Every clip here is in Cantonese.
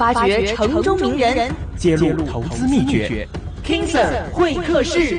發掘城中名人，人，揭露投資秘訣。KingSir 會客室。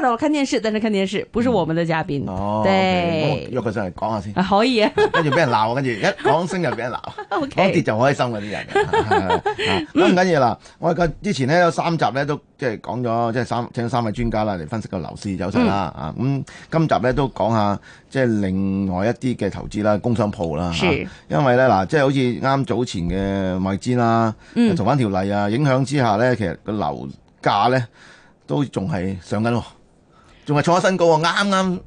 睇我看電視，但是看電視不是我們的嘉賓。哦、嗯，對，哦、okay, 約佢上嚟講下先、啊。可以、啊，跟住俾人鬧，跟 住一講聲又俾人鬧，講、 okay、跌就好開心嗰啲人。咁唔緊要啦，我之前呢，有三集咧都即係講咗，即係三請咗三位專家啦嚟分析個樓市走勢啦。啊，咁、嗯、今集咧都講下即係另外一啲嘅投資啦，工商鋪啦。是啊、因為咧嗱，即係好似啱早前嘅外資啦，嗯、逃犯條例啊影響之下咧，其實個樓價咧都仲係上緊、哦。仲係創咗新高喎，啱啱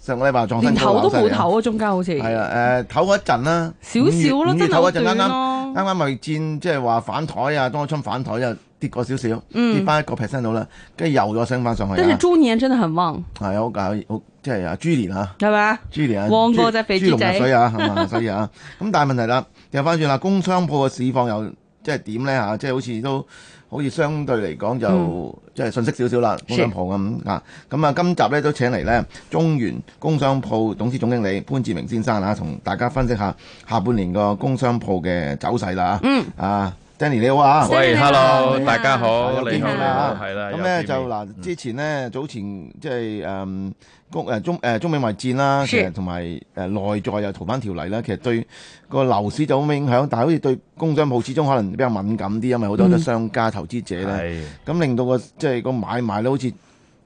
上個禮拜創新高，連頭都冇頭啊，中間好似係啊，誒、唞、呃、嗰一陣啦，少少咯，真係好短咯、啊，啱啱啱咪戰，即係話反台啊，當初反台又跌過少少，跌翻一個 percent 到啦，跟住又再升翻上去、啊。但是豬年真的很旺，係啊，好噶，即係啊，豬年啊，係啊豬年旺過隻肥豬仔。龍水啊，係咪 所以啊，咁但係問題啦，調翻轉啦，工商鋪嘅市況又即係點咧吓，即係、啊、好似都。好似相對嚟講就即係信息少少啦，嗯，工商鋪咁啊，咁啊今集咧都請嚟呢中原工商鋪董事總經理潘志明先生嚇，同、啊、大家分析下下半年個工商鋪嘅走勢啦嗯啊。Danny 你好啊，喂，Hello，大家好，你好，你好。係啦。咁咧就嗱，之前咧早前即係誒工中誒中，中美貿易戰啦，其實同埋誒內在又逃犯條例啦，其實對個樓市就好咩影響？但係好似對工商鋪始終可能比較敏感啲，因為好多商家投資者咧，咁、嗯、令到個即係個買賣咧好似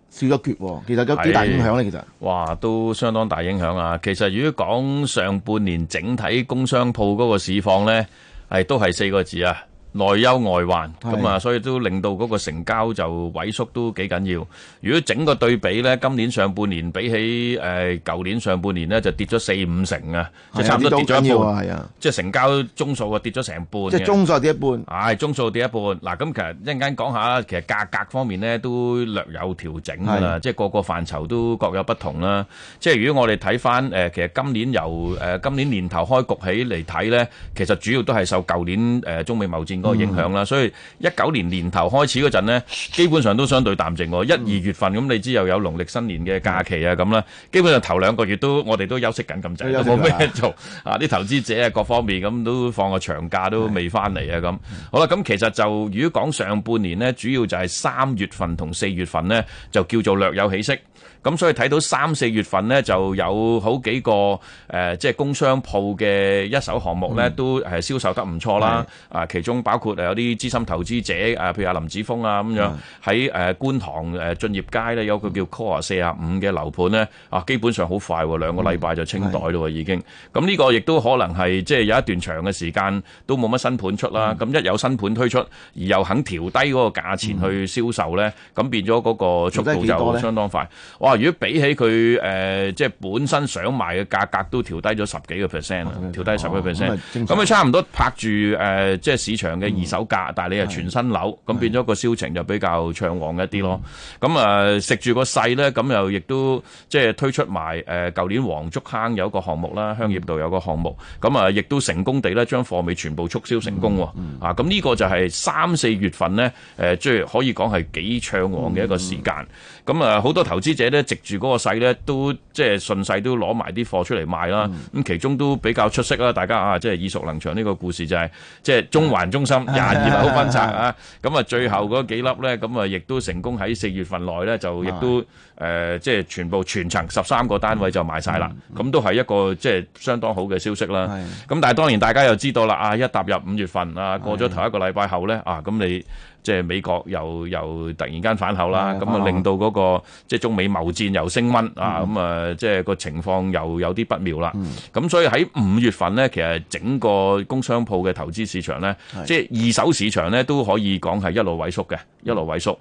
少咗缺，其實有幾大影響咧。其實，哇，都相當大影響啊！其實如果講上半年整體工商鋪嗰個市況咧，係都係四個字啊。內憂外患，咁啊，所以都令到嗰個成交就萎縮都幾緊要。如果整個對比咧，今年上半年比起誒舊年上半年咧，就跌咗四五成啊，就差唔多跌咗一半。重要啊，係啊，即係成交宗數啊，跌咗成半。即係宗數跌一半。係，宗數跌一半。嗱，咁其實一陣間講下啦，其實價格方面咧都略有調整㗎啦，即係個個範疇都各有不同啦。即係如果我哋睇翻誒，其實今年由誒今年年頭開局起嚟睇咧，其實主要都係受舊年誒中美貿戰。.個、嗯、影響啦，所以一九年年頭開始嗰陣咧，基本上都相對淡靜喎。一二月份咁，你知又有農曆新年嘅假期啊，咁、嗯、啦，基本上頭兩個月都我哋都，都休息緊咁滯，都冇咩做 啊！啲投資者啊，各方面咁都放個長假都未翻嚟啊！咁好啦，咁其實就如果講上半年呢，主要就係三月份同四月份呢，就叫做略有起色。咁所以睇到三四月份咧，就有好幾個誒、呃、即係工商鋪嘅一手項目咧、嗯，都誒銷售得唔錯啦。啊，其中包括有啲資深投資者，誒譬如阿林子峰啊咁樣，喺誒觀塘誒駿業街咧，有個叫 Core 四啊五嘅樓盤咧，啊，基本上好快、啊，兩個禮拜就清袋咯。已經咁呢個亦都可能係即係有一段長嘅時間都冇乜新盤出啦。咁一有新盤推出，而又肯調低嗰個價錢去銷售咧，咁變咗嗰個速度就相當快。哦、如果比起佢誒、呃，即係本身想賣嘅價格都調低咗十幾個 percent、哦、調低十個 percent，咁佢差唔多拍住誒、呃，即係市場嘅二手價，嗯、但係你係全新樓，咁變咗個銷情就比較暢旺一啲咯。咁、嗯、啊、呃、食住個勢咧，咁又亦都即係推出埋誒舊年黃竹坑有一個項目啦，香葉道有個項目，咁啊亦都成功地咧將貨尾全部促銷成功喎、嗯嗯。啊，咁呢個就係三四月份咧誒，即、呃、係可以講係幾暢旺嘅一個時間。嗯嗯。咁、嗯、啊，好多投資者咧，藉住嗰個勢咧，都即係順勢都攞埋啲貨出嚟賣啦。咁、嗯、其中都比較出色啦，大家啊，即係耳熟能詳呢個故事就係、是，即係中環中心廿二樓分拆啊。咁啊，最後嗰幾粒咧，咁啊，亦都成功喺四月份內咧，就亦都誒，即係全部全層十三個單位就賣晒啦。咁、嗯嗯、都係一個即係相當好嘅消息啦。咁但係當然大家又知道啦、啊，啊，一踏入五月份啊，過咗頭一個禮拜後咧，啊，咁你。即係美國又又突然間反口啦，咁啊令到嗰、那個、嗯、即係中美貿戰又升溫、嗯、啊，咁啊即係個情況又有啲不妙啦。咁、嗯、所以喺五月份呢，其實整個工商舖嘅投資市場呢，是即係二手市場呢，都可以講係一路萎縮嘅，一路萎縮。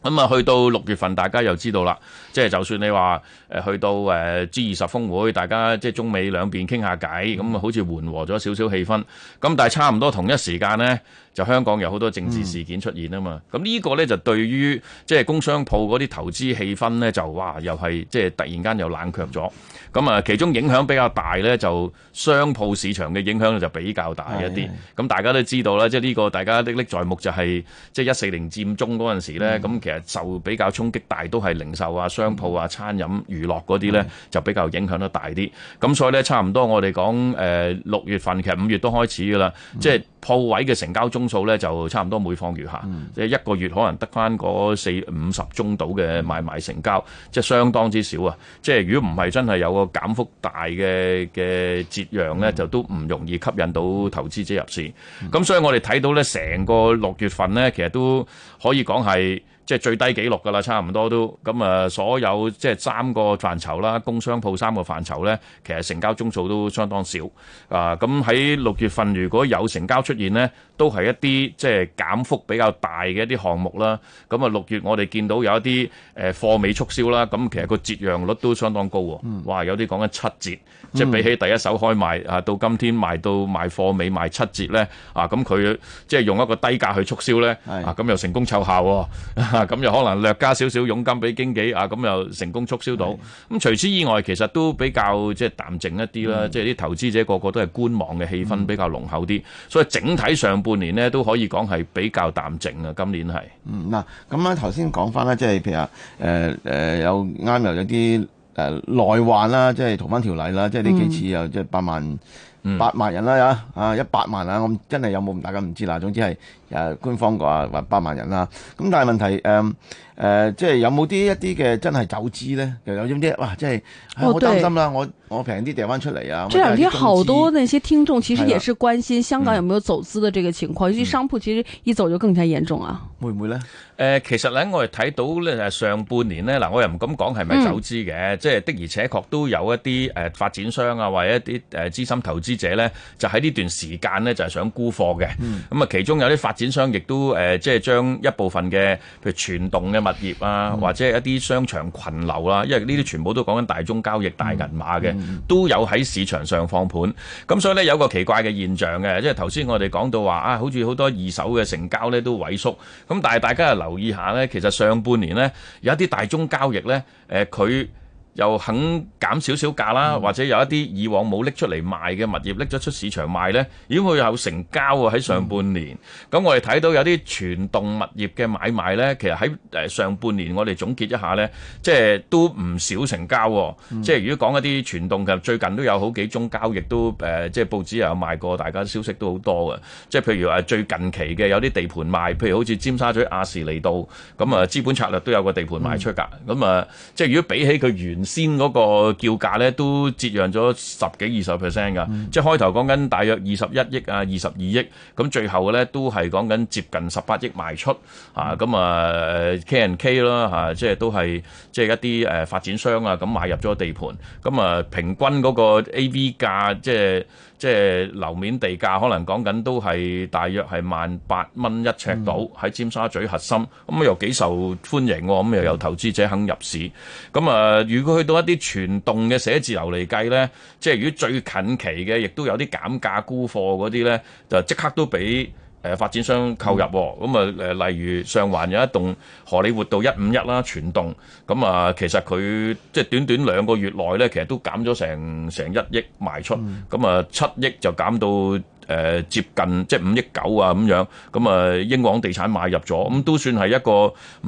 咁、嗯、啊，就去到六月份，大家又知道啦，即、嗯、係、就是、就算你話誒去到誒 G 二十峰會，大家即係中美兩邊傾下偈，咁、嗯、啊好似緩和咗少少氣氛。咁但係差唔多同一時間呢。就香港有好多政治事件出現啊嘛，咁呢個呢，就對於即係工商鋪嗰啲投資氣氛呢，就哇又係即係突然間又冷卻咗，咁、嗯、啊其中影響比較大呢，就商鋪市場嘅影響就比較大一啲，咁大家都知道啦，即係呢個大家歷歷在目就係、是、即係一四年佔中嗰陣時呢。咁、嗯、其實受比較衝擊大都係零售啊、商鋪啊、餐飲、娛樂嗰啲呢，嗯、就比較影響得大啲，咁所以呢，差唔多我哋講誒六月份其實五月都開始噶啦，嗯、即係鋪位嘅成交宗數咧就差唔多每況愈下，即、嗯、係一個月可能得返嗰四五十宗度嘅買賣成交，即係相當之少啊！即係如果唔係真係有個減幅大嘅嘅節揚咧、嗯，就都唔容易吸引到投資者入市。咁、嗯、所以我哋睇到咧，成個六月份咧，其實都可以講係。即係最低記錄㗎啦，差唔多都咁啊！所有即係三個範疇啦，工商鋪三個範疇呢，其實成交宗數都相當少啊！咁喺六月份如果有成交出現呢，都係一啲即係減幅比較大嘅一啲項目啦。咁啊六月我哋見到有一啲誒貨尾促銷啦。咁其實個折讓率都相當高喎。哇！有啲講緊七折，嗯、即係比起第一手開賣啊，到今天賣到賣貨尾賣七折呢，啊，咁佢即係用一個低價去促銷呢，啊咁又成功奏效喎。咁、啊、又可能略加少少佣金俾經紀啊，咁又成功促銷到。咁、啊、除此之外，其實都比較即係淡靜一啲啦、嗯。即係啲投資者個個都係觀望嘅氣氛比較濃厚啲、嗯，所以整體上。半年咧都可以講係比較淡靜啊，今年係。嗯嗱，咁咧頭先講翻啦，即係譬如話，誒誒有啱又有啲誒內患啦，即係逃犯條例啦，即係呢幾次又即係八萬八萬人啦，啊啊一百萬啊，我真係有冇唔大家唔知啦，總之係。誒官方話話百萬人啦，咁但係問題誒誒、嗯呃，即係有冇啲一啲嘅真係走資咧？又有啲啲哇，即係、哎、我好擔心啦，我我平啲掟翻出嚟啊、哦！這兩天好多那些聽眾其實也是關心香港有冇有走資嘅這個情況，尤其、嗯、商鋪其實一走就更加嚴重啊、嗯！會唔會咧？誒、呃，其實咧我哋睇到咧上半年咧嗱，我又唔敢講係咪走資嘅、嗯，即係的而且確都有一啲誒、呃、發展商啊，或者一啲誒、呃、資深投資者咧，就喺呢段時間咧就係、是、想沽貨嘅。咁、嗯、啊、嗯，其中有啲發展展商亦都誒，即係將一部分嘅，譬如全棟嘅物業啊，或者係一啲商場群樓啦，因為呢啲全部都講緊大宗交易、大銀碼嘅，都有喺市場上放盤。咁所以呢，有一個奇怪嘅現象嘅，即係頭先我哋講到話啊，好似好多二手嘅成交呢都萎縮。咁但係大家又留意一下呢，其實上半年呢，有一啲大宗交易呢，誒佢，又肯減少少價啦，或者有一啲以往冇拎出嚟賣嘅物業拎咗出市場賣呢，如果佢有成交喎喺上半年。咁、嗯、我哋睇到有啲全棟物業嘅買賣呢，其實喺上半年我哋總結一下呢，即係都唔少成交。嗯、即係如果講一啲全棟嘅，最近都有好幾宗交易都即係、呃、報紙又有賣過，大家消息都好多嘅。即係譬如話最近期嘅有啲地盤賣，譬如好似尖沙咀亞士厘道，咁啊資本策略都有個地盤賣出㗎。咁、嗯、啊，即係如果比起佢原先嗰個叫價咧都折讓咗十幾二十 percent 㗎、嗯，即係開頭講緊大約二十一億啊、二十二億，咁最後咧都係講緊接近十八億賣出，嗯、啊咁啊 K&K 啦，即係都係即係一啲誒發展商啊咁買入咗地盤，咁啊平均嗰個 AV 價即係。即係樓面地價可能講緊都係大約係萬八蚊一尺度，喺、嗯、尖沙咀核心，咁又幾受歡迎喎，咁又有投資者肯入市。咁啊，如果去到一啲全棟嘅寫字樓嚟計呢，即係如果最近期嘅，亦都有啲減價沽貨嗰啲呢，就即刻都俾。誒發展商購入，咁啊誒，例如上環有一棟荷里活道一五一啦，全棟，咁啊，其實佢即係短短兩個月內呢，其實都減咗成成一億賣出，咁啊七億就減到誒接近即係五億九啊咁樣，咁啊英皇地產買入咗，咁都算係一個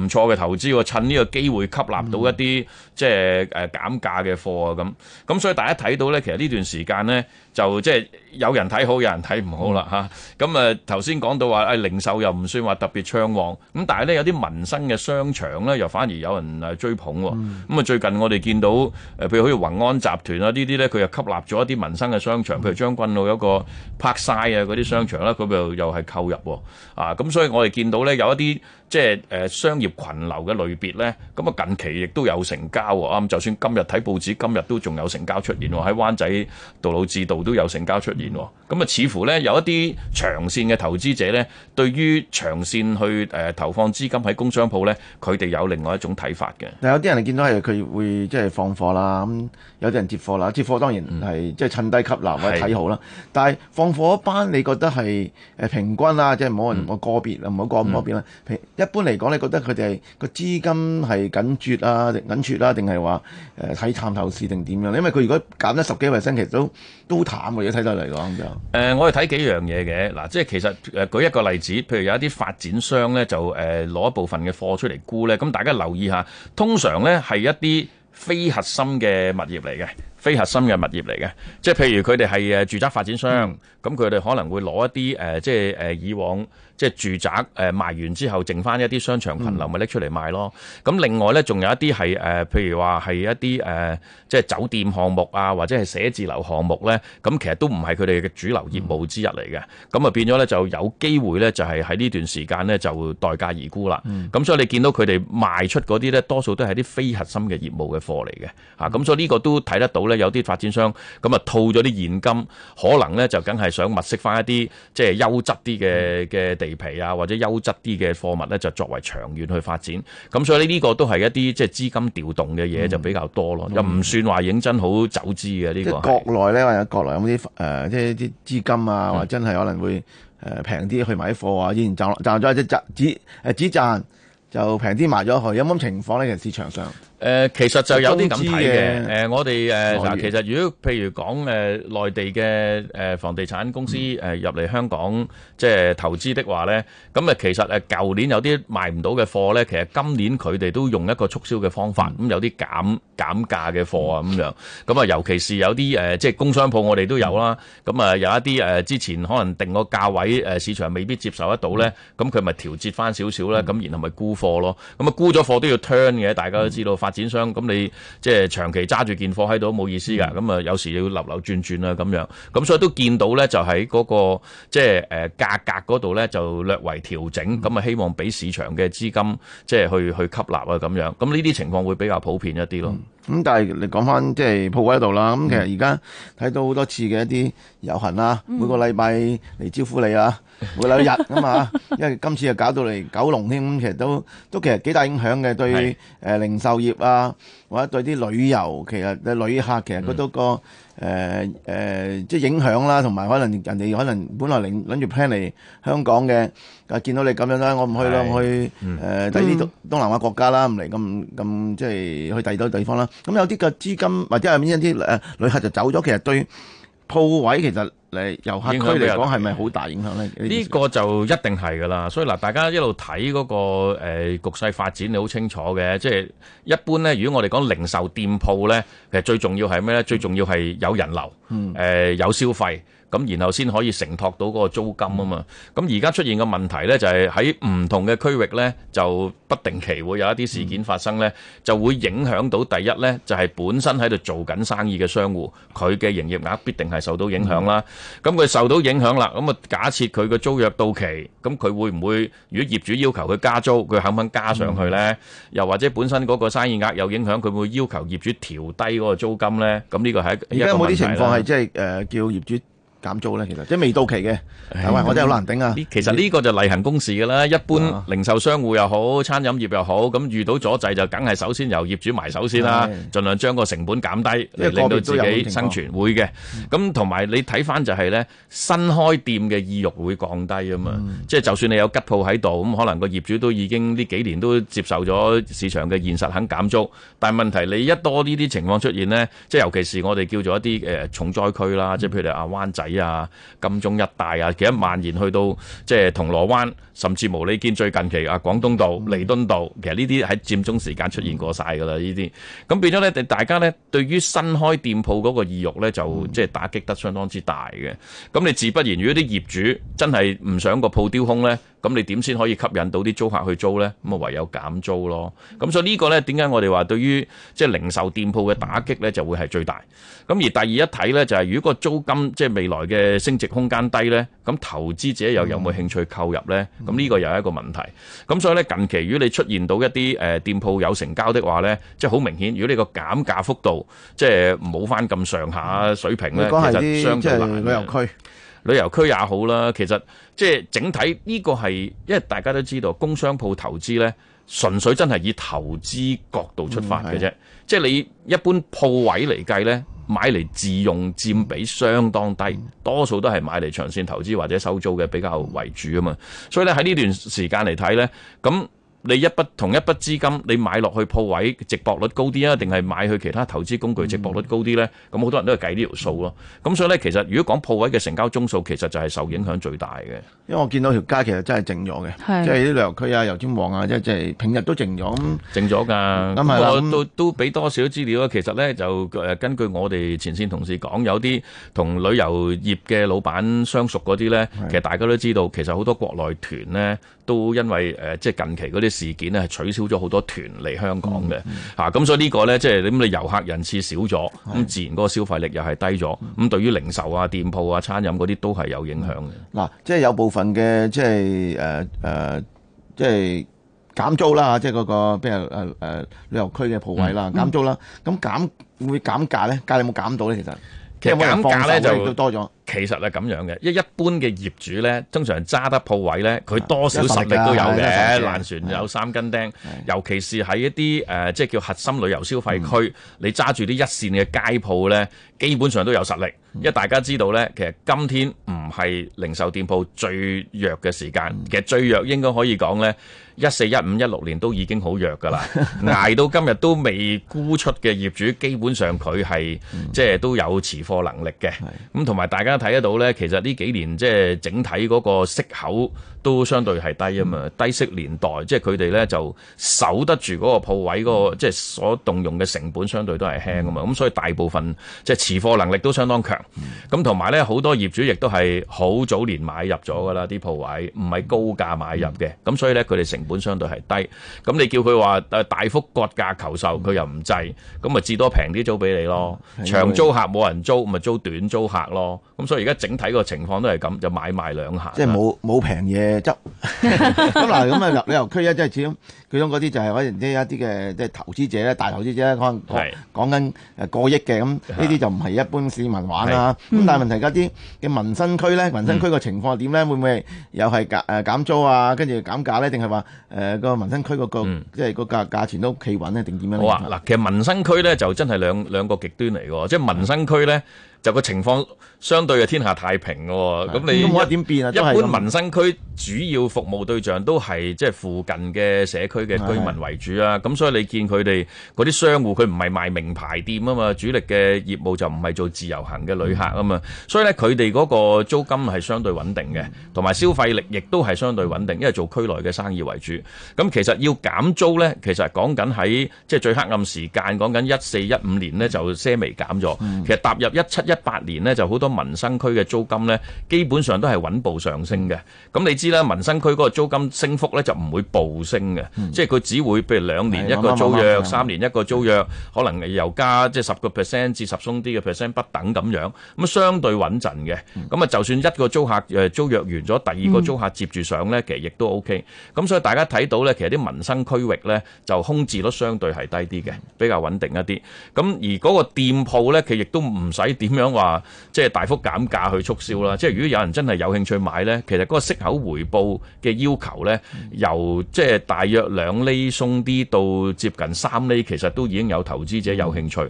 唔錯嘅投資，趁呢個機會吸納到一啲。即係、呃、減價嘅貨啊咁，咁所以大家睇到咧，其實呢段時間咧就即係有人睇好，有人睇唔好啦嚇。咁頭先講到話、呃、零售又唔算話特別暢旺，咁但係咧有啲民生嘅商場咧又反而有人追捧喎。咁、嗯、啊、嗯、最近我哋見到誒譬如好似宏安集團啊呢啲咧，佢又吸納咗一啲民生嘅商場，譬如將軍澳有個 Parkside 啊嗰啲商場啦，佢、嗯、又又係購入喎。啊咁，所以我哋見到咧有一啲即係、呃、商業群流嘅類別咧，咁啊近期亦都有成交。啱，就算今日睇報紙，今日都仲有成交出現喎。喺灣仔道路置度都有成交出現喎。咁啊，似乎咧有一啲長線嘅投資者咧，對於長線去誒投放資金喺工商鋪咧，佢哋有另外一種睇法嘅。但有啲人見到係佢會即係放貨啦，咁有啲人接貨啦，接貨當然係即係趁低吸納或者睇好啦。但係放貨一班，你覺得係誒平均啊，即係冇人個個別啊，唔好個唔好個別啦。平、嗯、一般嚟講，你覺得佢哋係個資金係緊絕啊，緊絕啦。一定係話誒睇探頭市定點樣？因為佢如果減咗十幾 percent，其實都都好淡嘅。而睇得嚟講就誒、呃，我哋睇幾樣嘢嘅。嗱，即係其實誒舉一個例子，譬如有一啲發展商咧，就誒攞一部分嘅貨出嚟沽咧。咁大家留意下，通常咧係一啲非核心嘅物業嚟嘅，非核心嘅物業嚟嘅。即係譬如佢哋係誒住宅發展商，咁佢哋可能會攞一啲誒、呃、即係誒以往。即係住宅誒賣完之後，剩翻一啲商場裙樓咪拎出嚟賣咯。咁另外呢，仲有一啲係譬如話係一啲即係酒店項目啊，或者係寫字樓項目呢，咁其實都唔係佢哋嘅主流業務之一嚟嘅。咁啊變咗呢，就有機會呢，就係喺呢段時間呢，就待價而沽啦。咁所以你見到佢哋賣出嗰啲呢，多數都係啲非核心嘅業務嘅貨嚟嘅吓。咁所以呢個都睇得到呢，有啲發展商咁啊套咗啲現金，可能呢，就梗係想物色翻一啲即係優質啲嘅嘅地皮啊，或者優質啲嘅貨物咧，就作為長遠去發展。咁所以呢呢個都係一啲即係資金調動嘅嘢，就比較多咯、嗯，又唔算話認真好走資嘅呢、嗯這個。即係國內咧，或者國內有啲誒，即係啲資金啊，或者真係可能會誒平啲去買啲貨啊，依然賺賺咗即係賺止誒止賺就平啲賣咗佢。有冇咁情況呢？其實市場上。誒、呃、其實就有啲咁睇嘅，誒、呃、我哋誒嗱，其實如果譬如講誒、呃、內地嘅誒、呃、房地產公司誒入嚟香港即係投資的話咧，咁其實誒舊年有啲賣唔到嘅貨咧，其實今年佢哋都用一個促銷嘅方法，咁、嗯呃、有啲減減價嘅貨啊咁樣咁啊、呃、尤其是有啲誒、呃、即係工商舖，我哋都有啦，咁、嗯、啊、呃、有一啲誒、呃、之前可能定個價位、呃、市場未必接受得到咧，咁佢咪調節翻少少咧，咁、嗯、然後咪沽貨咯，咁啊沽咗貨都要 turn 嘅，大家都知道、嗯發展商咁你即係、就是、長期揸住件貨喺度冇意思噶，咁啊有時要流流轉轉啊咁樣，咁所以都見到咧就喺嗰、那個即係誒價格嗰度咧就略為調整，咁啊希望俾市場嘅資金即係、就是、去去吸納啊咁樣，咁呢啲情況會比較普遍一啲咯。咁、嗯、但係你講翻即係鋪位度啦，咁、就是、其實而家睇到好多次嘅一啲遊行啊、嗯，每個禮拜嚟招呼你啊。每 兩日啊嘛，因為今次又搞到嚟九龍添，其實都都其實幾大影響嘅對、呃、零售業啊，或者對啲旅遊，其實對旅客其實都個誒、嗯呃、即係影響啦，同埋可能人哋可能本來諗住 plan 嚟香港嘅，見到你咁樣啦，我唔去啦，我去誒第啲東東南亞國家啦，唔嚟咁咁即係去第二多地方啦。咁、嗯、有啲嘅資金或者係面一啲誒旅客就走咗，其實對。鋪位其實嚟遊客區嚟講係咪好大影響咧？呢、這個就一定係噶啦，所以嗱，大家一路睇嗰個誒局勢發展，你好清楚嘅。即、就、係、是、一般咧，如果我哋講零售店鋪咧，其實最重要係咩咧？最重要係有人流，誒、嗯呃、有消費。咁然後先可以承托到嗰個租金啊嘛！咁而家出現嘅問題呢，就係喺唔同嘅區域呢，就不定期會有一啲事件發生呢，就會影響到第一呢，就係、是、本身喺度做緊生意嘅商戶，佢嘅營業額必定係受到影響啦。咁、嗯、佢受到影響啦，咁啊假設佢個租約到期，咁佢會唔會如果業主要求佢加租，佢肯唔肯加上去呢？嗯、又或者本身嗰個生意額有影響，佢會要求業主調低嗰個租金呢？咁、這、呢個係而家有冇啲情況係即、即係呃、叫業主。減租咧，其實即係未到期嘅，係，我真係好難頂啊！其實呢個就例行公事嘅啦，一般零售商戶又好，餐飲業又好，咁遇到阻滯就梗係首先由業主埋手先啦，盡量將個成本減低，令到自己生存會嘅。咁同埋你睇翻就係呢，新開店嘅意欲會降低啊嘛，即、嗯、係就算你有吉鋪喺度，咁可能個業主都已經呢幾年都接受咗市場嘅現實，肯減租。但係問題你一多呢啲情況出現呢，即係尤其是我哋叫做一啲誒重災區啦，即係譬如阿灣仔。啊，金鐘一帶啊，其實蔓延去到即係銅鑼灣，甚至無釐堅。最近期啊，廣東道、彌、嗯、敦道，其實呢啲喺佔中時間出現過晒㗎啦。呢啲咁變咗咧，大家咧對於新開店鋪嗰個意欲咧，就即係打擊得相當之大嘅。咁你自不然，如果啲業主真係唔想個鋪丟空呢？咁你點先可以吸引到啲租客去租呢？咁啊唯有減租咯。咁所以呢個呢，點解我哋話對於即係零售店鋪嘅打擊呢，就會係最大。咁而第二一睇呢，就係如果個租金即係未來嘅升值空間低呢，咁投資者又有冇興趣購入呢？咁呢個又係一個問題。咁所以呢，近期如果你出現到一啲誒店鋪有成交的話呢，即係好明顯。如果你個減價幅度即係冇翻咁上下水平呢，其實相對難。旅遊區旅遊區也好啦，其實即係整體呢個係，因為大家都知道，工商鋪投資呢，純粹真係以投資角度出發嘅啫。即係你一般鋪位嚟計呢，買嚟自用佔比相當低，多數都係買嚟長線投資或者收租嘅比較為主啊嘛。所以咧喺呢段時間嚟睇呢。咁。你一筆同一筆資金，你買落去鋪位，值博率高啲啊？定係買去其他投資工具，值博率高啲咧？咁、嗯、好多人都係計呢條數咯。咁、嗯、所以咧，其實如果講鋪位嘅成交宗數，其實就係受影響最大嘅。因為我見到條街其實真係靜咗嘅，即係啲旅遊區啊、油尖旺啊，即係平日都靜咗，靜咗㗎。咁、嗯就是、我都都俾多少資料啊？其實咧就根據我哋前線同事講，有啲同旅遊業嘅老闆相熟嗰啲咧，其實大家都知道，其實好多國內團咧都因為、呃、即係近期嗰啲。事件咧係取消咗好多團嚟香港嘅，嚇、嗯、咁、嗯、所以呢、呢個咧即係咁你遊客人次少咗，咁、嗯、自然嗰個消費力又係低咗，咁、嗯、對於零售啊、店鋪啊、餐飲嗰啲都係有影響嘅。嗱、嗯，即係有部分嘅即係誒誒，即係、呃、減租啦，即係嗰、嗰個譬如誒誒、呃、旅遊區嘅鋪位啦，減租啦，咁、嗯、減會,會減價咧？價有冇減到咧？其實有有，其實減價咧就都多咗。其實係咁樣嘅，一一般嘅業主呢，通常揸得鋪位呢，佢多少實力都有嘅。爛船有三根釘，尤其是喺一啲、呃、即係叫核心旅遊消費區，你揸住啲一線嘅街鋪呢，基本上都有實力。因為大家知道呢，其實今天唔係零售店鋪最弱嘅時間，其實最弱應該可以講呢，一四、一五、一六年都已經好弱㗎啦。捱到今日都未沽出嘅業主，基本上佢係即係都有持貨能力嘅。咁同埋大家。睇得到咧，其實呢幾年即係整體嗰個息口，都相對係低啊嘛，低息年代，即係佢哋呢就守得住嗰個鋪位嗰個，即係所動用嘅成本相對都係輕啊嘛，咁，嗯，所以大部分即係持貨能力都相當強。咁同埋呢，好多業主亦都係好早年買入咗㗎啦，啲鋪位唔係高價買入嘅，咁，嗯，所以呢，佢哋成本相對係低。咁你叫佢話誒大幅割價求售，佢，嗯，又唔制，咁咪至多平啲租俾你咯。長租客冇人租，咪租短租客咯。咁所以而家整體個情況都係咁，就買賣兩下。即係冇冇平嘢。誒、 嗯，執咁嗱，咁、嗯、啊，旅遊區咧，即係始終，始終嗰啲就係可能啲一啲嘅，即係投資者咧，大投資者可能講緊誒過億嘅，咁呢啲就唔係一般市民玩啦。咁、嗯、但係問題，而家啲嘅民生區咧，民生區個情況點咧？會唔會又係減誒減租啊？跟住減價咧？定係話誒個民生區個、嗯、即係個價價錢都企穩咧？定點樣咧？嗱、啊，其實民生區咧就真係兩兩個極端嚟嘅，即、就、係、是、民生區咧就個情況。相對嘅天下太平嘅，咁你點變啊，一般民生區主要服務對象都係即係附近嘅社區嘅居民為主啊，咁所以你見佢哋嗰啲商戶佢唔係賣名牌店啊嘛，主力嘅業務就唔係做自由行嘅旅客啊嘛，所以咧佢哋嗰個租金係相對穩定嘅，同埋消費力亦都係相對穩定，因為做區內嘅生意為主。咁其實要減租咧，其實講緊喺即係最黑暗時間，講緊一四一五年咧就些微減咗，其實踏入一七一八年咧就好多。民生區嘅租金呢，基本上都係穩步上升嘅。咁你知啦，民生區嗰個租金升幅呢就唔會暴升嘅、嗯，即係佢只會譬如兩年一個租約，三、嗯嗯嗯、年一個租約，嗯嗯、可能又加即係十個 percent 至十鬆啲嘅 percent 不等咁樣。咁相對穩陣嘅。咁、嗯、啊，就算一個租客誒租約完咗，第二個租客接住上呢、嗯，其實亦都 O K。咁所以大家睇到呢，其實啲民生區域呢就空置率相對係低啲嘅、嗯，比較穩定一啲。咁而嗰個店鋪呢，其實亦都唔使點樣話，即係大幅減價去促銷啦，即係如果有人真係有興趣買呢，其實嗰個息口回報嘅要求呢，由即係大約兩厘鬆啲到接近三厘，其實都已經有投資者有興趣。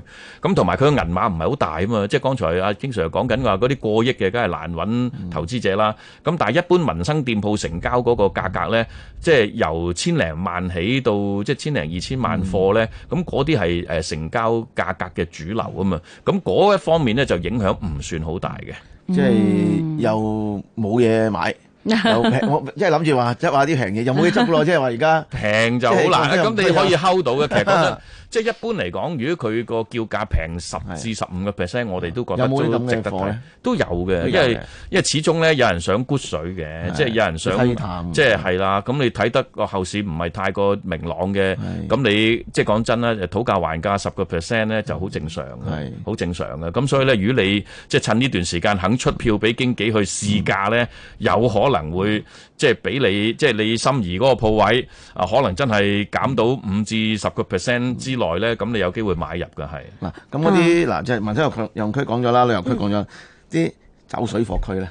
咁同埋佢個銀碼唔係好大啊嘛，即係剛才阿 King Sir 講緊話嗰啲過億嘅梗係難揾投資者啦。咁、嗯、但係一般民生店鋪成交嗰個價格呢，即係由千零萬起到即係千零二千萬貨呢，咁嗰啲係誒成交價格嘅主流啊嘛。咁嗰一方面呢，就影響唔算好大嘅，即係又冇嘢買。又平，即係諗住話即係話啲平嘢，有冇嘢執咯？即係話而家平就好難，咁你可以 hold 到嘅。其實覺得即係一般嚟講，如果佢個叫價平十至十五個 percent，我哋都覺得值得。有冇啲咁嘅貨咧？都有嘅，因為因為始終咧有人想谷水嘅，即係有人想即係係啦。咁你睇得個後市唔係太過明朗嘅，咁你即係講真啦，就討價還價十個 percent 咧就好正常，係好正常嘅。咁所以咧，如果你即係趁呢段時間肯出票俾經紀去試價咧，有可能。可能會即係俾你，即係你心儀嗰個鋪位啊，可能真係減到五至十個 percent 之內咧，咁、嗯、你有機會買入噶係。嗱，咁嗰啲嗱，即係民生區、用區講咗啦，就是、旅遊區講咗，啲、嗯、走水貨區咧，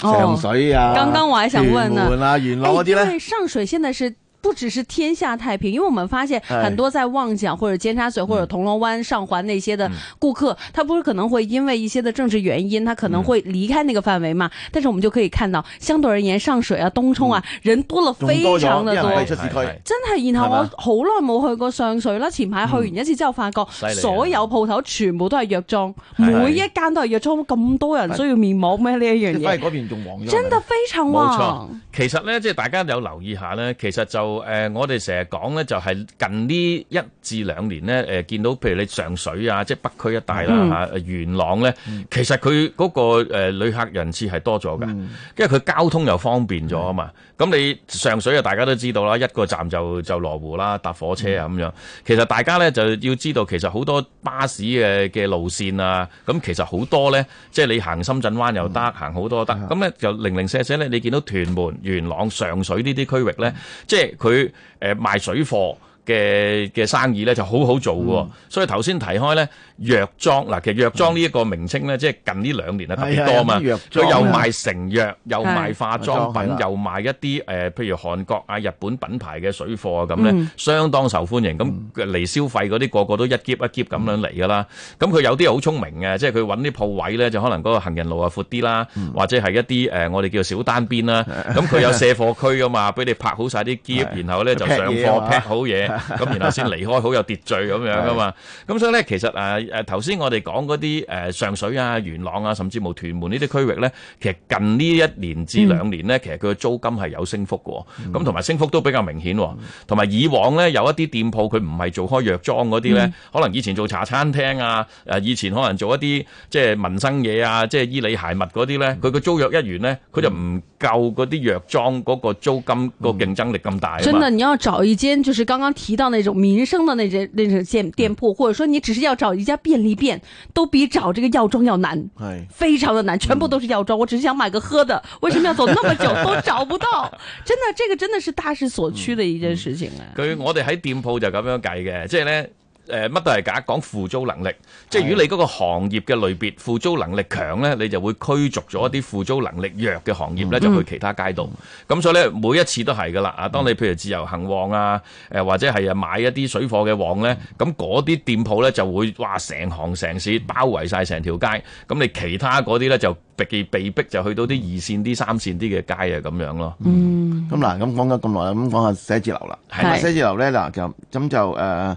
上水啊，元朗嗰啲咧。因為上水現在係.不只是天下太平，因為我們發現很多在旺角或者尖沙咀或者銅鑼灣上環那些的顧客，他不是可能會因為一些的政治原因，他可能會離開那個範圍嘛。但是我們就可以看到，相對而言，上水啊、東涌啊，人多了非常的多，嗯、多真係。然後我好耐冇去過上水啦，前排去完一次之後發覺，所有鋪頭全部都係藥妝，每一間都係藥妝，咁多人需要面膜咩呢？一樣嘢，邊仲真的非常旺、啊。冇錯，其實咧，即係大家有留意下咧，其實就。呃、我哋成日講咧，就係、是、近呢一至兩年咧，誒、呃、見到譬如你上水啊，即係北區一帶啦、啊嗯啊、元朗咧，其實佢嗰個、呃呃、旅客人次係多咗㗎、嗯，因為佢交通又方便咗啊嘛。嗯嗯咁你上水啊，大家都知道啦，一個站就就羅湖啦，搭火車啊咁樣。其實大家呢就要知道，其實好多巴士嘅嘅路線啊，咁其實好多呢，即係你行深圳灣又得，行好多得。咁呢就零零舍舍呢，你見到屯門、元朗、上水呢啲區域呢，即係佢誒賣水貨嘅嘅生意呢就好好做喎。所以頭先提開呢。藥妝嗱，其實藥妝呢一個名稱咧、嗯，即係近呢兩年啊特別多啊嘛。佢又賣成藥，又賣化妝品，又賣一啲誒、呃，譬如韓國啊、日本品牌嘅水貨啊咁咧，相當受歡迎。咁、嗯、嚟消費嗰啲個個都一篋一篋咁樣嚟噶啦。咁、嗯、佢有啲好聰明嘅，即係佢揾啲鋪位咧，就可能嗰個行人路啊闊啲啦、嗯，或者係一啲誒、呃，我哋叫小單邊啦。咁佢有卸貨區啊嘛，俾 你拍好晒啲篋然後咧就上貨 pack 好嘢，咁然後先離開好 有秩序咁樣噶嘛。咁所以咧，其實、啊誒頭先我哋講嗰啲誒上水啊、元朗啊，甚至無屯門呢啲區域呢。其實近呢一年至兩年呢、嗯，其實佢嘅租金係有升幅嘅，咁同埋升幅都比較明顯。同、嗯、埋以往呢，有一啲店鋪佢唔係做開藥妝嗰啲呢，可能以前做茶餐廳啊，誒以前可能做一啲即係民生嘢啊，即係衣履鞋襪嗰啲呢。佢、嗯、個租約一完呢，佢就唔夠嗰啲藥妝嗰個租金個競爭力咁大。真係，你要找一間就是剛剛提到那種民生的那間那間店店鋪，嗯，或者說你只是要找一間。便利店都比找這個藥妝要難，非常的難，全部都是藥妝。嗯、我只是想買個喝的，為什麼要走那麼久 都找不到？真的，這個真的是大勢所趨的一件事情啊！嗯嗯、我哋喺店鋪就咁樣計嘅，即係呢。誒，乜都係假，講付租能力，即係如果你嗰個行業嘅類別付租能力強呢，你就會驅逐咗一啲付租能力弱嘅行業呢，就去其他街道。咁、嗯、所以呢，每一次都係噶啦。啊，當你譬如自由行旺啊，誒或者係啊買一啲水貨嘅旺呢，咁嗰啲店鋪呢，就會哇成行成市包圍晒成條街。咁你其他嗰啲呢，就被被逼就去到啲二線啲三線啲嘅街啊咁、就是、樣咯。嗯。咁、嗯、嗱，咁講咗咁耐，咁講下寫字樓啦。係咪寫字樓呢，嗱？就咁就誒。呃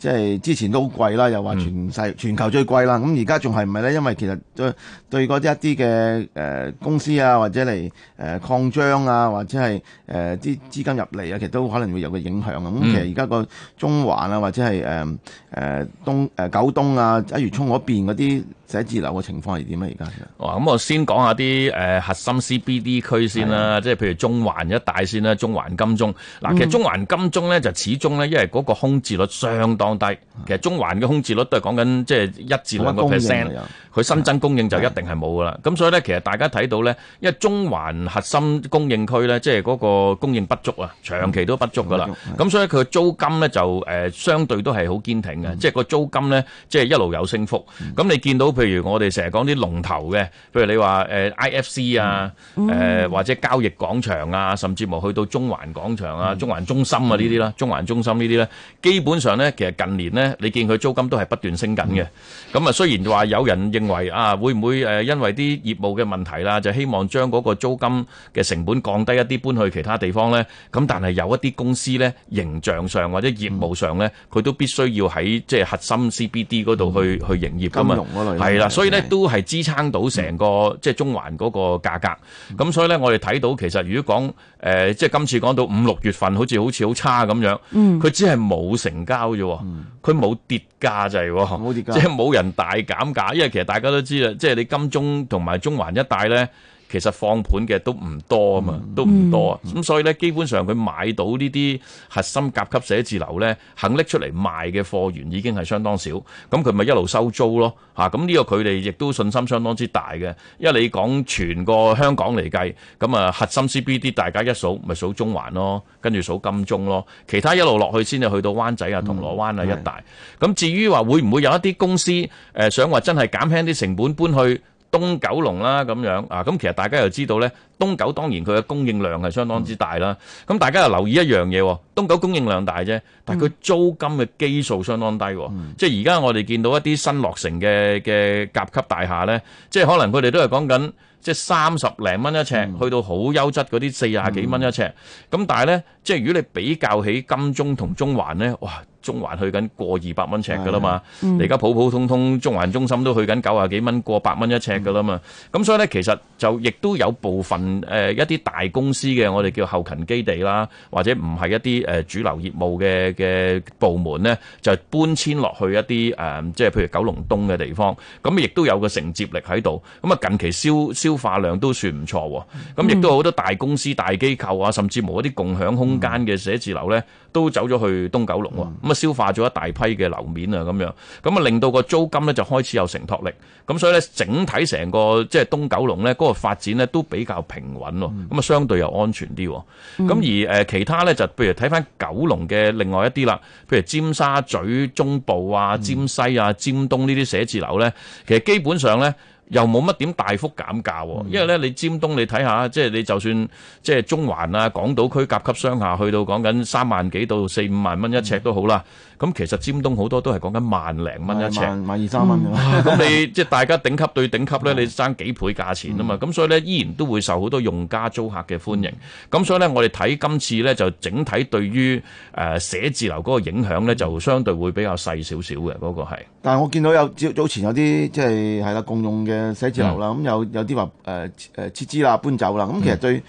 即係之前都好貴啦，又話全世全球最貴啦。咁而家仲係唔係咧？是是因為其實對嗰啲一啲嘅誒公司啊，或者嚟誒擴張啊，或者係誒啲資金入嚟啊，其實都可能會有個影響啊。咁、嗯、其實而家個中環啊，或者係誒誒東誒九東啊，一月衝嗰邊嗰啲。寫字樓嘅情況係點啊？而家啊，咁、哦、我先講下啲、呃、核心 CBD 區先啦，即係譬如中環一帶線啦，中環金鐘嗱、嗯，其實中環金鐘咧就始終咧，因為嗰個空置率相當低，其實中環嘅空置率都係講緊即係一至兩個 percent，佢新增供應就一定係冇噶啦。咁所以咧，其實大家睇到咧，因為中環核心供應區咧，即係嗰個供應不足啊，長期都不足噶啦。咁、嗯、所以佢嘅租金咧就、呃、相對都係好堅挺嘅、嗯，即係個租金咧即係一路有升幅。咁、嗯、你見到？譬如我哋成日講啲龍頭嘅，譬如你話誒 IFC 啊，誒或者交易廣場啊，甚至乎去到中環廣場啊、中環中心啊呢啲啦，中環中心呢啲咧，基本上咧，其實近年咧，你見佢租金都係不斷升緊嘅。咁啊，雖然話有人認為啊，會唔會誒因為啲業務嘅問題啦，就希望將嗰個租金嘅成本降低一啲，搬去其他地方咧？咁但係有一啲公司咧，形象上或者業務上咧，佢都必須要喺即係核心 CBD 嗰度去去營業咁啊，係。係啦，所以咧都係支撐到成個即係中環嗰個價格。咁、嗯、所以咧，我哋睇到其實如果講誒，即、呃、係今次講到五六月份，好似好似好差咁樣。嗯，佢只係冇成交啫，佢、嗯、冇跌價就係冇跌價，即係冇人大減價。因為其實大家都知啦，即係你金鐘同埋中環一帶咧。其實放盤嘅都唔多啊嘛，都唔多，咁、嗯、所以呢，基本上佢買到呢啲核心甲級寫字樓呢，肯拎出嚟賣嘅貨源已經係相當少，咁佢咪一路收租咯吓。咁呢、啊、個佢哋亦都信心相當之大嘅，因為你講全個香港嚟計，咁啊核心 CBD 大家一數咪數中環咯，跟住數金鐘咯，其他一路落去先至去到灣仔啊、銅鑼灣啊一帶。咁、嗯、至於話會唔會有一啲公司、呃、想話真係減輕啲成本搬去東九龍啦咁樣啊，咁、啊、其實大家又知道咧，東九當然佢嘅供應量係相當之大啦。咁、嗯、大家又留意一樣嘢，東九供應量大啫，但佢租金嘅基數相當低。嗯、即係而家我哋見到一啲新落成嘅嘅甲級大廈咧，即係可能佢哋都係講緊即係三十零蚊一尺，去到好優質嗰啲四十幾蚊一尺。咁、嗯、但係咧，即係如果你比較起金鐘同中環咧，哇！中環去緊過二百蚊尺嘅啦嘛，而家普普通通中環中心都去緊九啊幾蚊，過百蚊一尺嘅啦嘛。咁、嗯、所以咧，其實就亦都有部分誒、呃、一啲大公司嘅，我哋叫後勤基地啦，或者唔係一啲、呃、主流業務嘅嘅部門咧，就搬遷落去一啲誒，即、呃、係譬如九龍東嘅地方。咁亦都有個承接力喺度。咁啊，近期消消化量都算唔錯喎、啊。咁亦都有好多大公司、大機構啊，甚至無一啲共享空間嘅寫字樓咧，都走咗去東九龍喎、啊。嗯嗯咁消化咗一大批嘅樓面啊，咁樣，咁啊，令到個租金咧就開始有承托力，咁所以咧，整體成個即係東九龍咧，嗰個發展咧都比較平穩，咁啊，相對又安全啲。咁、嗯、而誒，其他咧就譬如睇翻九龍嘅另外一啲啦，譬如尖沙咀中部啊、尖西啊、尖東呢啲寫字樓咧，其實基本上咧。又冇乜點大幅減價，因為咧你尖東你睇下，即係你就算即係中環啊、港島區甲級商廈，去到講緊三萬幾到四五萬蚊一尺都好啦。咁其實尖東好多都係講緊萬零蚊一尺，萬二三蚊、嗯。咁 你即、就是、大家頂級對頂級咧，你爭幾倍價錢啊嘛？咁、嗯、所以咧，依然都會受好多用家租客嘅歡迎。咁所以咧，我哋睇今次咧就整體對於誒、呃、寫字樓嗰個影響咧，就相對會比較細少少嘅。嗰、那個係。但我見到有早前有啲即係係啦，共用嘅寫字樓啦，咁有有啲話誒誒撤資啦，搬走啦。咁其實對。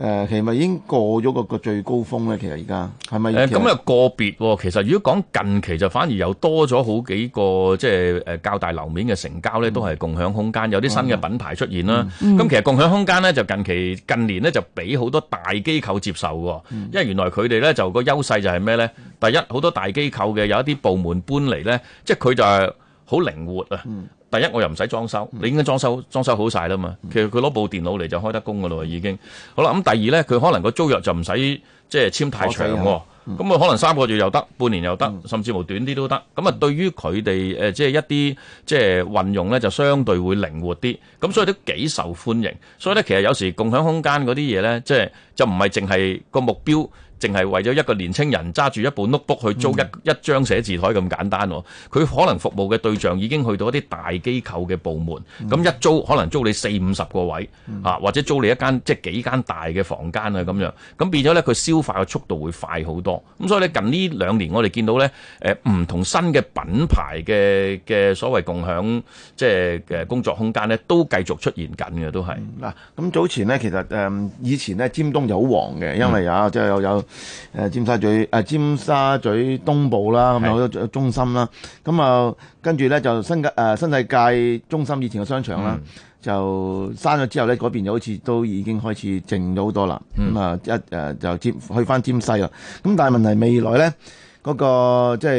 誒其實已經過咗個最高峰咧、嗯嗯嗯，其實而家係咪？咁又個別喎。其實如果講近期就反而又多咗好幾個即係誒較大樓面嘅成交咧、嗯，都係共享空間，有啲新嘅品牌出現啦。咁、嗯嗯、其實共享空間咧就近期近年咧就俾好多大機構接受喎、嗯，因為原來佢哋咧就個優勢就係咩咧？第一，好多大機構嘅有一啲部門搬嚟咧，即係佢就係好靈活啊。嗯第一我又唔使裝修，你已經裝修裝修好晒啦嘛。其實佢攞部電腦嚟就開得工噶咯，已經。好啦，咁第二呢，佢可能個租約就唔使即係簽太長喎。咁啊，嗯、可能三個月又得，半年又得，甚至乎短啲都得。咁啊，對於佢哋、呃、即係一啲即係運用呢，就相對會靈活啲。咁所以都幾受歡迎。所以呢，其實有時共享空間嗰啲嘢呢，即係就唔係淨係個目標。淨係為咗一個年青人揸住一部 notebook 去租一、嗯、一張寫字台咁簡單喎、啊，佢可能服務嘅對象已經去到一啲大機構嘅部門，咁、嗯、一租可能租你四五十個位啊、嗯，或者租你一間即係幾間大嘅房間啊咁樣，咁變咗咧佢消化嘅速度會快好多。咁所以咧，近呢兩年我哋見到咧，唔同新嘅品牌嘅嘅所謂共享即係嘅工作空間咧都繼續出現緊嘅，都係。嗱，咁早前咧，其實誒以前咧，尖東有好旺嘅，因為啊即係有。嗯誒、呃，尖沙咀誒、呃，尖沙咀東部啦，咁有好多中心啦。咁啊，跟住咧就新誒、呃、新世界中心以前嘅商場啦，嗯、就閂咗之後咧，嗰邊就好似都已經開始靜咗好多啦。咁、嗯、啊一誒、呃、就去翻尖西啦。咁但係問題未來咧，嗰、那個即係、就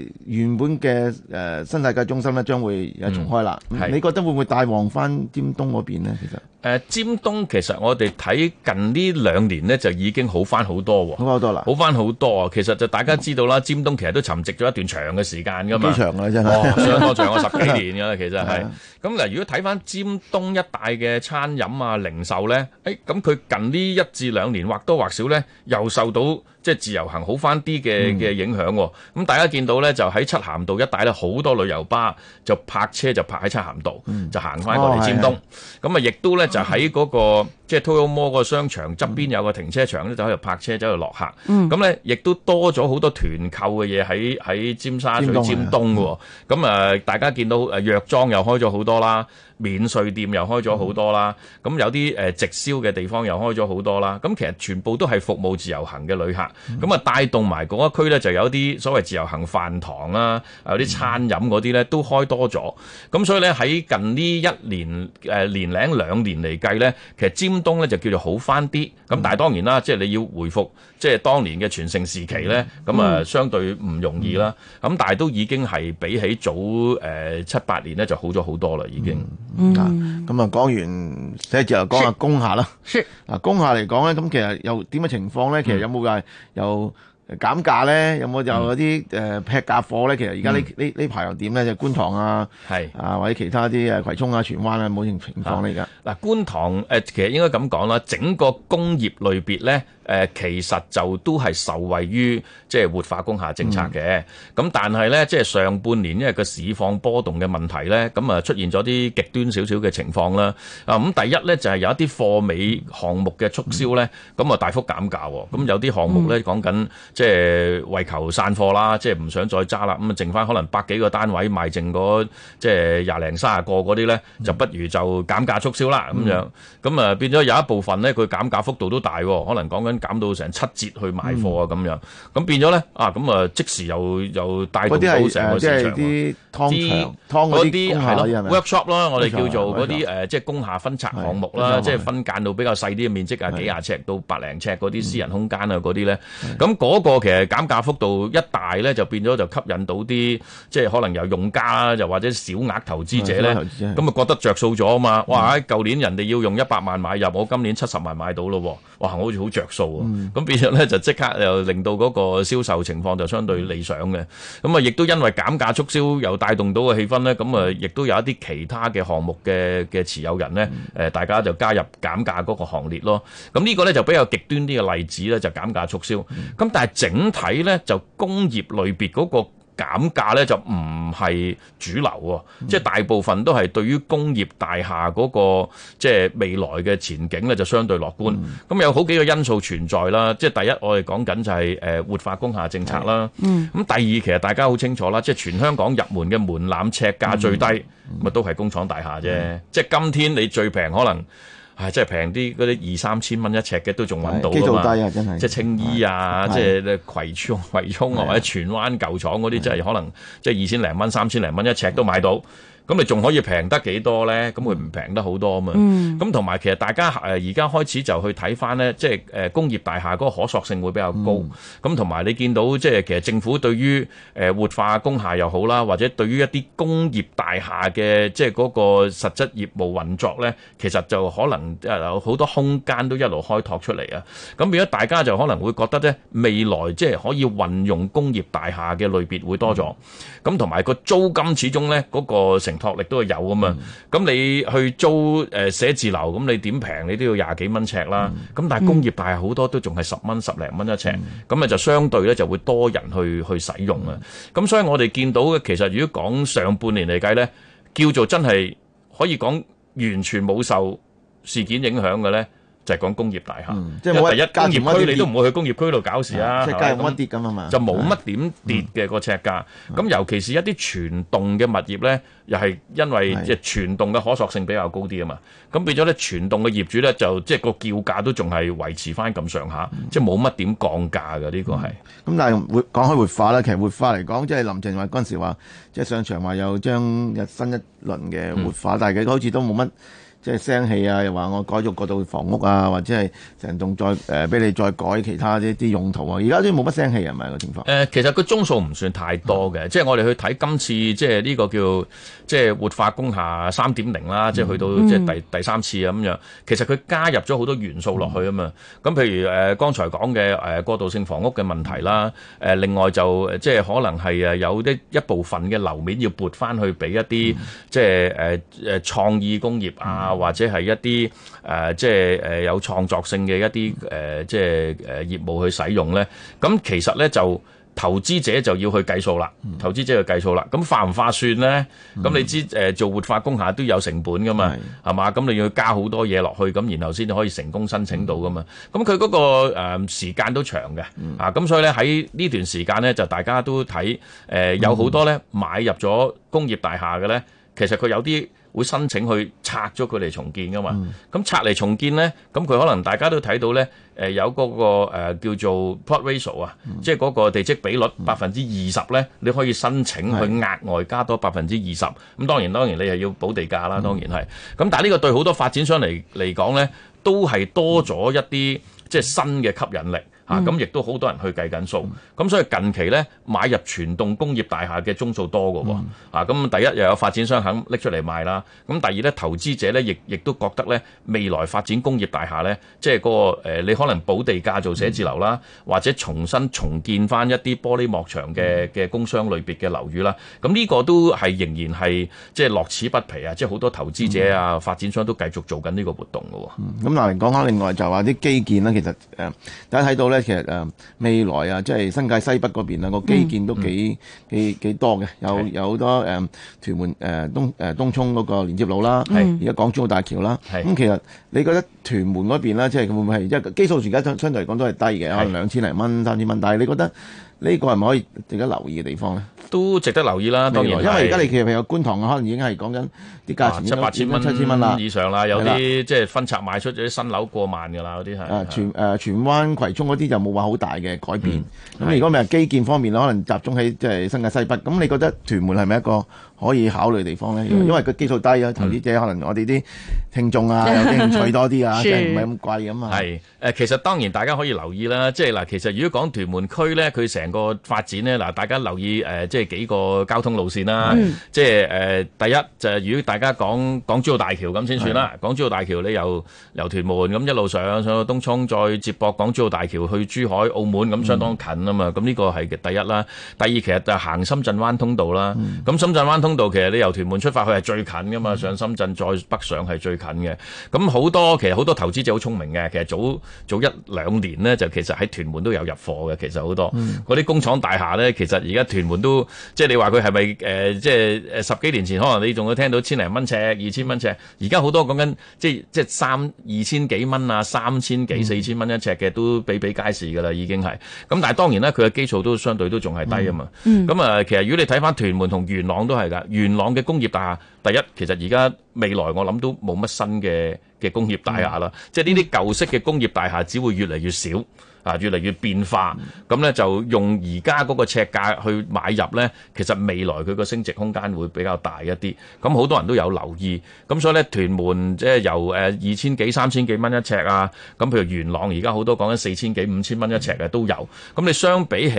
是、原本嘅誒、呃、新世界中心咧，將會誒重開啦、嗯。你覺得會唔會帶旺翻尖東嗰邊咧？其實？誒、呃，尖東其實我哋睇近呢兩年呢，就已經好翻好多，好好多啦，好翻好多啊！其實就大家知道啦、嗯，尖東其實都沉寂咗一段長嘅時間噶嘛，長啦，真係，相當長啊， 上上十幾年噶啦，其實係。咁 嗱，如果睇翻尖東一帶嘅餐飲啊、零售咧，誒、欸，咁佢近呢一至兩年或多或少咧，又受到即係、就是、自由行好翻啲嘅嘅影響、哦。咁、嗯嗯、大家見到咧，就喺漆咸道一帶咧，好多旅遊巴就泊車就泊喺漆咸道，嗯、就行翻過嚟、哦、尖東。咁啊，亦都咧。就喺嗰、那個即係 Toyo Mall 嗰個商場側邊有個停車場咧、嗯，就喺度泊車，走度落客。咁咧亦都多咗好多團購嘅嘢喺喺尖沙咀尖東喎。咁誒、嗯呃，大家見到藥妝又開咗好多啦。免稅店又開咗好多啦，咁有啲直銷嘅地方又開咗好多啦，咁其實全部都係服務自由行嘅旅客，咁啊帶動埋嗰一區呢，就有啲所謂自由行飯堂啦，有啲餐飲嗰啲呢都開多咗，咁所以呢，喺近呢一年年零兩年嚟計呢，其實尖東呢就叫做好返啲，咁但係當然啦，即係你要回復即係當年嘅全盛時期咧，咁啊，相對唔容易啦。咁、嗯、但係都已經係比起早誒七八年咧就好咗好多啦，已經。嗯。咁、嗯、啊，講完，即係就講下工廈啦。雪。嗱，工廈嚟講咧，咁其實又點嘅情況咧？其實有冇又減價咧？有冇就嗰啲誒劈價貨咧？其實而家、嗯、呢呢呢排又點咧？就係、觀塘啊，係啊，或者其他啲誒葵涌啊、荃灣啊，冇情況嚟㗎。嗱、啊啊，觀塘誒，其實應該咁講啦，整個工業類別咧。誒其實就都係受惠於即係活化工廈政策嘅，咁、嗯、但係咧即係上半年因為個市況波動嘅問題咧，咁啊出現咗啲極端少少嘅情況啦。啊咁、嗯、第一咧就係、是、有一啲貨尾項目嘅促銷咧，咁、嗯、啊大幅減價。咁有啲項目咧講緊即係為求散貨啦，即係唔想再揸啦，咁啊剩翻可能百幾個單位賣剩嗰即係廿零卅個嗰啲咧，就不如就減價促銷啦咁樣。咁啊變咗有一部分咧佢減價幅度都大，可能講緊。減到成七折去賣貨啊！咁樣咁變咗咧啊！咁啊，即時又又帶動到成個市場。嗰啲啲嗰啲係咯 workshop 啦，我哋叫做嗰啲誒，即係工廈分拆項目啦，即係分間到比較細啲嘅面積啊，幾廿尺到百零尺嗰啲私人空間啊，嗰啲咧，咁嗰個其實減價幅度一大咧，就變咗就吸引到啲即係可能由用家啊，又或者小額投資者咧，咁啊覺得着數咗啊嘛！哇！喺舊年人哋要用一百萬買入，我今年七十萬買到咯喎！哇，我好似好着數。咁、嗯、變咗咧，就即刻又令到嗰個銷售情況就相對理想嘅。咁啊，亦都因為減價促銷又帶動到個氣氛呢。咁啊，亦都有一啲其他嘅項目嘅嘅持有人呢、嗯，大家就加入減價嗰個行列咯。咁呢個呢，就比較極端啲嘅例子呢，就是、減價促銷。咁但係整體呢，就工業類別嗰、那個。減價咧就唔係主流喎，即、嗯、係、就是、大部分都係對於工業大廈嗰、那個即係、就是、未來嘅前景咧就相對樂觀。咁、嗯、有好幾個因素存在啦，即、就、係、是、第一我哋講緊就係誒活化工廈政策啦。咁、嗯、第二其實大家好清楚啦，即、就、係、是、全香港入門嘅門檻尺價最低，咪都係工廠大廈啫、嗯。即係今天你最平可能。係、啊啊，即係平啲嗰啲二三千蚊一尺嘅都仲揾到啊嘛，基數低啊真係，即係青衣啊，即係、啊啊就是、葵涌、葵涌啊，啊或者荃灣舊廠嗰啲即係可能即係二千零蚊、三千零蚊一尺都買到。咁你仲可以平得幾多咧？咁會唔平得好多啊嘛！咁同埋其實大家誒而家開始就去睇翻咧，即係誒工業大廈嗰個可塑性會比較高。咁同埋你見到即係、就是、其實政府對於誒活化工廈又好啦，或者對於一啲工業大廈嘅即係嗰個實質業務運作咧，其實就可能有好多空間都一路開拓出嚟啊。咁變咗大家就可能會覺得咧，未來即係可以運用工業大廈嘅類別會多咗。咁同埋個租金始終咧嗰個成托力都係有啊嘛，咁你去租誒寫字樓，咁你點平？你都要廿幾蚊尺啦。咁但係工業大好多都仲係十蚊十零蚊一尺，咁咪就相對咧就會多人去去使用啊。咁所以我哋見到嘅其實如果講上半年嚟計咧，叫做真係可以講完全冇受事件影響嘅咧。就係、是、講工業大廈，即、嗯、係第一工業區，區你都唔會去工業區度搞事啊！即係街邊一啲咁啊嘛、啊嗯，就冇乜點跌嘅個尺價。咁、嗯、尤其是一啲全棟嘅物業咧，又係因為即係全棟嘅可塑性比較高啲啊嘛。咁變咗咧，全棟嘅業主咧，就即係、就是、個叫價都仲係維持翻咁上下，即係冇乜點降價嘅呢、嗯呢個係。咁、嗯嗯嗯、但係活講開活化啦，其實活化嚟講，即、就、係、是、林鄭話嗰陣時話，即、就、係、是、上場話有將一新一輪嘅活化，嗯、但係佢好似都冇乜。即係聲氣啊！又話我改作過度房屋啊，或者係成棟再誒俾、呃、你再改其他啲啲用途啊！而家都冇乜聲氣係咪個情況？誒、呃，其實個宗數唔算太多嘅、嗯，即係我哋去睇今次即係呢個叫即係活化工廈三點零啦，即係去到即係第第三次啊咁樣。其實佢加入咗好多元素落去啊嘛。咁、嗯、譬如誒，剛、呃、才講嘅誒過渡性房屋嘅問題啦。誒、呃，另外就即係可能係誒有啲一部分嘅樓面要撥翻去俾一啲、嗯、即係誒誒創意工業啊。嗯或者係一啲誒、呃，即係誒有創作性嘅一啲誒、呃，即係誒、呃、業務去使用咧。咁其實咧就投資者就要去計數啦、嗯，投資者要計數啦。咁化唔化算咧？咁、嗯、你知誒、呃、做活化工廈都有成本噶嘛，係嘛？咁你要加好多嘢落去，咁然後先可以成功申請到噶嘛。咁佢嗰個誒時間都長嘅、嗯，啊咁所以咧喺呢段時間咧就大家都睇誒、呃、有好多咧買入咗工業大廈嘅咧，其實佢有啲，會申請去拆咗佢嚟重建噶嘛？咁、嗯、拆嚟重建咧，咁佢可能大家都睇到咧、呃，有嗰個、呃、叫做 plot ratio 啊，嗯、即係嗰個地積比率百分之二十咧，你可以申請去額外加多百分之二十。咁當然當然你又要補地價啦，嗯、當然係。咁但係呢個對好多發展商嚟嚟講咧，都係多咗一啲、嗯、即係新嘅吸引力。嗯、啊，咁亦都好多人去計緊數，咁、嗯、所以近期呢，買入全棟工業大廈嘅宗數多嘅喎、啊嗯，啊，咁第一又有發展商肯拎出嚟賣啦，咁第二呢，投資者呢亦亦都覺得呢，未來發展工業大廈呢，即係嗰、那個、呃、你可能補地價做寫字樓啦、嗯，或者重新重建翻一啲玻璃幕牆嘅嘅、嗯、工商類別嘅樓宇啦，咁、啊、呢、這個都係仍然係即係樂此不疲啊，即係好多投資者啊、嗯、發展商都繼續做緊呢個活動嘅喎、啊。咁嗱嚟講下另外就話啲基建啦，其實大家睇、呃、到呢其實誒、啊，未來啊，即係新界西北嗰邊啊，那個基建都幾、嗯嗯、幾幾多嘅，有有好多誒、嗯，屯門誒、啊、東誒、啊、東涌嗰個連接路啦、啊，而家港珠澳大橋啦、啊，咁其實你覺得屯門嗰邊啦，即係會唔會係一個基數而家相相對嚟講都係低嘅，可能兩千零蚊、三千蚊，但係你覺得呢個係咪可以而家留意嘅地方咧？都值得留意啦，當然，因為而家你其實有觀塘可能已經係講緊啲價錢都七千蚊以上啦，有啲即係分拆賣出，有啲新樓過萬㗎啦，嗰啲係全荃灣葵涌嗰啲就冇話好大嘅改變。咁如果咪基建方面可能集中喺即係新界西北。咁你覺得屯門係咪一個可以考慮地方咧、嗯？因為佢基數低啊，投資者可能我哋啲聽眾啊，嗯、有啲興趣多啲啊，即係唔係咁貴咁啊？係誒、其實當然大家可以留意啦，即係嗱，其實如果講屯門區咧，佢成個發展咧，嗱，大家留意、呃、即即係幾個交通路線啦、嗯，即係、呃、第一就係如果大家講港珠澳大橋咁先算啦，港珠澳大橋你由由屯門咁一路上上到東涌再接駁港珠澳大橋去珠海、澳門咁相當近啊嘛，咁、嗯、呢個係第一啦。第二其實就行深圳灣通道啦，咁、嗯、深圳灣通道其實你由屯門出發去係最近㗎嘛、嗯，上深圳再北上係最近嘅。咁好多其實好多投資者好聰明嘅，其實早早一兩年呢，就其實喺屯門都有入貨嘅，其實好多嗰啲、嗯、工廠大廈呢，其實而家屯門都。即係你話佢係咪誒？即係十幾年前可能你仲會聽到千零蚊尺、二千蚊尺，而家好多講緊即係即係三二千幾蚊啊、三千幾、四千蚊一尺嘅都比比皆是㗎啦，已經係。咁但係當然啦，佢嘅基礎都相對都仲係低啊嘛。咁、嗯、啊、嗯，其實如果你睇翻屯門同元朗都係㗎，元朗嘅工業大廈第一，其實而家未來我諗都冇乜新嘅嘅工業大廈啦、嗯。即係呢啲舊式嘅工業大廈，只會越嚟越少。啊，越嚟越變化，咁呢就用而家嗰個尺價去買入呢。其實未來佢個升值空間會比較大一啲。咁好多人都有留意，咁所以呢，屯門即係由、呃、二千幾、三千幾蚊一尺啊，咁譬如元朗而家好多講緊四千幾、五千蚊一尺嘅都有。咁你相比起，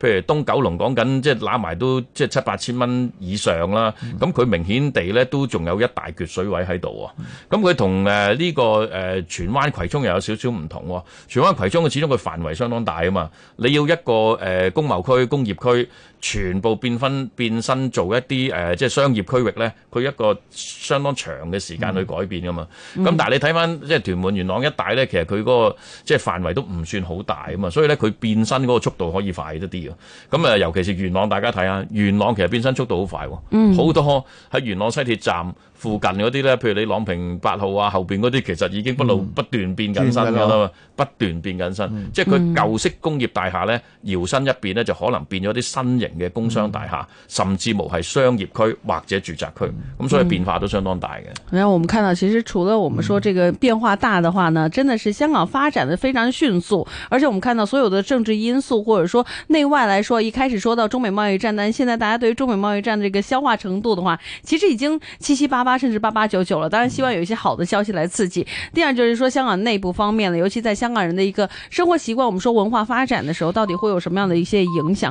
譬如東九龍講緊即係攬埋都即係七八千蚊以上啦，咁佢明顯地呢都仲有一大缺水位喺度喎。咁佢同呢個誒荃灣葵涌又有少少唔同喎。荃灣葵涌嘅始終佢。範圍相當大啊嘛，你要一個誒工、呃、貿區、工業區全部變分變身做一啲、呃、即係商業區域咧，佢一個相當長嘅時間去改變啊嘛。咁、嗯、但係你睇翻即係屯門元朗一帶咧，其實佢嗰、嗰個即係範圍都唔算好大啊嘛，所以咧佢變身嗰個速度可以快得啲啊。咁啊，尤其是元朗，大家睇下元朗其實變身速度好快喎，好、嗯、多喺元朗西鐵站附近嗰啲咧，譬如你朗屏八號啊，後面嗰啲其實已經不露不斷變緊身、嗯、不斷變緊身，嗯、即係佢舊式工業大廈呢，搖身一變呢，就可能變咗啲新型嘅工商大廈，嗯、甚至無係商業區或者住宅區，咁、嗯、所以變化都相當大嘅。然、嗯、啊，我們看到其實除了我們說這個變化大的話呢，真的是香港發展得非常迅速，而且我們看到所有的政治因素，或者說內外來說，一開始說到中美貿易戰，但現現在大家對於中美貿易戰的一個消化程度的話，其實已經七七八八。八甚至八八九九了，當然希望有一些好的消息來刺激。第二就是說，香港內部方面呢，尤其在香港人的一個生活習慣，我們說文化發展的時候，到底會有什麼樣的一些影響？